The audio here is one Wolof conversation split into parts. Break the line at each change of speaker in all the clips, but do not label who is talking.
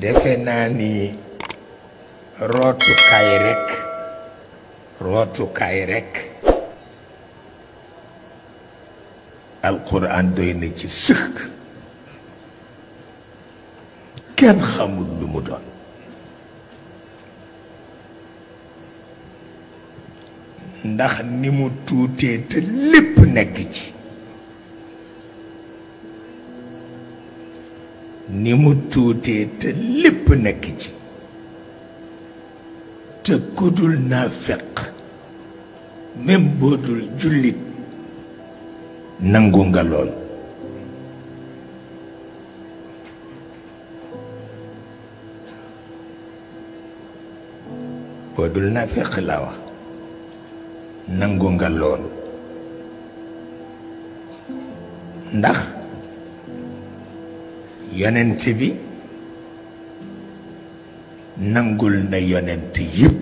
defe naa ni rootukaay rekk rootukaay rekk alxuraan doy na ci sëkk kenn xamul lu mu doon ndax ni mu tuutee te lépp nekk ci ni mu tuutee te lépp nekk ci te kudul naa feq même boo dul jullit nangu nga lool boo dul naa laa wax nangu nga lool ndax yonent bi nangul na yonent yépp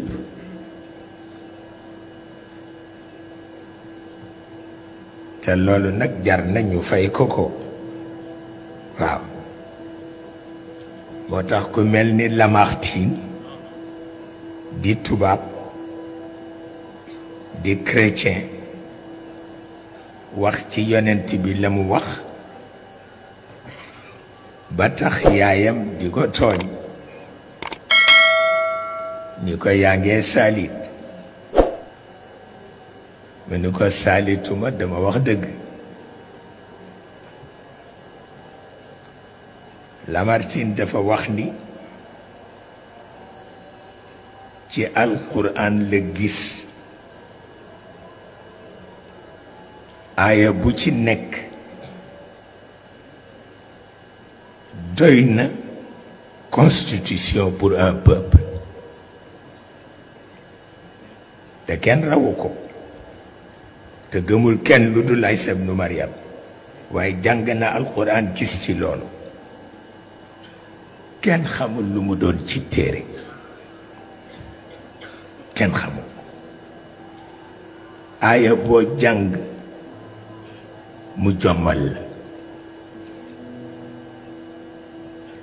te loolu nag jar nañu fay ko ko waaw moo tax ku mel ni Lamartine di tubaab di chrétien wax ci yonent bi la mu wax ba tax yaayam di ko tooñ ñu ko yaa ngee saalit mu ni ko saalituma dama wax dëgg Lamartine dafa wax ni ci alquran la gis aaya bu ci nekk na constitution pour te kenn rawu ko te gëmul kenn lu dul Aysa ibnu Maryam waaye jàng na alxuraan gis ci loolu kenn xamul lu mu doon ci téere kenn xamul aaya boo jàng mu jommal la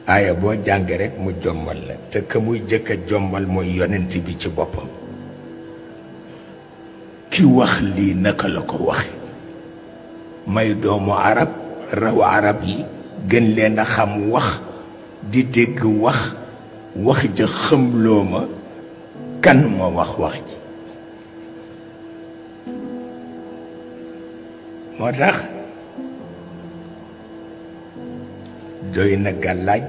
aya bo jàng rek mu jommal la te ke muy jëkk jommal moy yonent bi ci bopam ki wax li naka la ko waxe may doomu arab raw arab yi gën leen na xam wax di dégg wax wax ja xam ma kan mo wax wax ji motax doyna galaj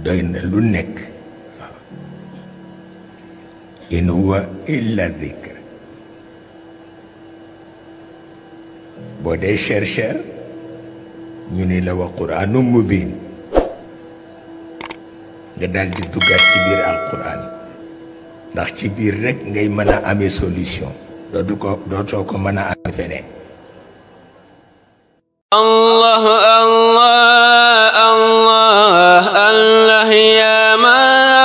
doy na lu nekk waaw in huwa illa dikr boo dee chercheur ñu ni la wa quranu mubin nga daal di duggaat ci biir alquran ndax ci biir ngay mën a amee solution dootu ko dootoo ko mën a amee Allah
Allah السماء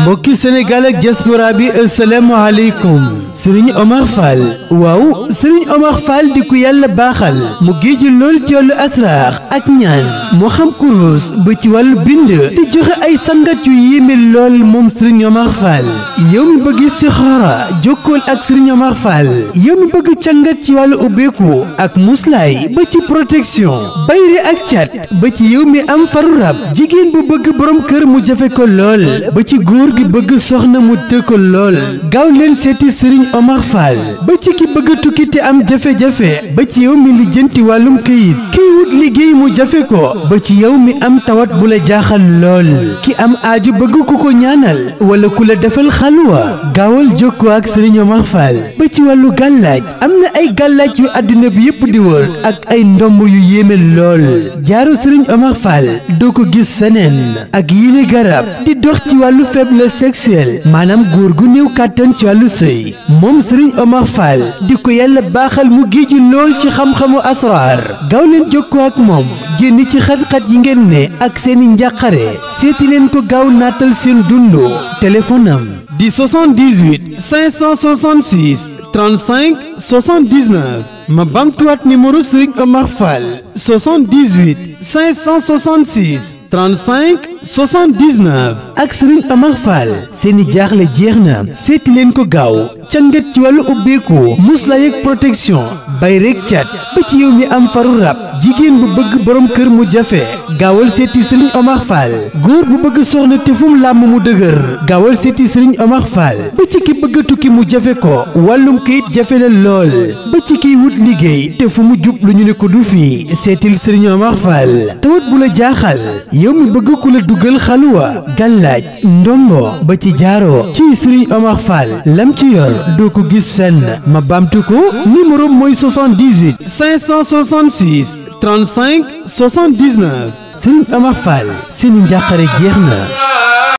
mbokki Sénégal ak diaspora bi asalaamaaleykum Serigne Omar Fall waaw Serigne Omar di ku yàlla baaxal mu géeju lool ci wàllu asraar ak ñaan moo xam kurus ba ci wàllu bind te joxe ay sangat yu yéeme lool moom Serigne Omar Fall yow mi bëgg sixaara jokkool ak Serigne Omar Fall yow mi bëgg càngat ci wàllu ubbeeku ak muslaay ba ci protection bayri ak cat ba ci yow mi am faru rab jigéen bu bëgg borom kër mu jafe ko lool ba ci góor ki bëgg soxna mu të ko lool gaaw leen seeti sëriñ Omar Fall ba ci ki bëgg tukki te am jafe-jafe ba ci yow mi lijjanti wàllum këyit kiy wut liggéey mu jafe ko ba ci yow mi am tawat bu la jaaxal lool ki am aaju bëgg ku ko ñaanal wala ku la defal xalwa gaawal jokkoo ak sëriñ Omar Fall ba ci wàllu gàllaaj am na ay gàllaaj yu àdduna bi yépp di wër ak ay ndomb yu yéeme lool jaaro sëriñ Omar Fall doo ko gis feneen ak yile garab di dox ci wàllu faible sexuel maanaam góor gu néew kàttan ci wàllu sëy moom sëriñ Omar Fall di ko yàlla baaxal mu géej yi lool ci xamxamu xamu asraar gaaw leen jokkoo ak moom génn ci xat-xat yi ngeen ne ak seeni njàqare seeti leen ko gaaw naatal seen dundu téléphone am di 78 566 35 79 ma bamtuwaat numéro sëriñ Omar Fall 78 35 79 ak Serigne Amar Fall seeni jaaxle jeex na seeti leen ko gaaw ca càngat ci wàllu ubbeeku muslaay ak protection bay rek cat ba ci yow mi am faru rab jigéen bu bëgg borom kër mu jafe gaawal seeti sëriñ Omar Fall góor bu bëgg soxna te fu làmm mu dëgër gaawal seeti sëriñ Omar Fall ba ci ki bëgg a mu jafe ko wàllum kayit jafe la lool ba ci kiy wut liggéey te fu mu jub lu ñu ne ko du fii seetil sëriñ Omar Fall tawat bu la jaaxal yow mi bëgg ku la dugal xaluwa gàllaaj ndombo ba ci jaaroo ci sëriñ Omar Fall lam ci yor doo ko gis fenn ma baamtu ko numéro mooy 78 566 35 79 Serigne Amar Fall seeni njàqare jeex na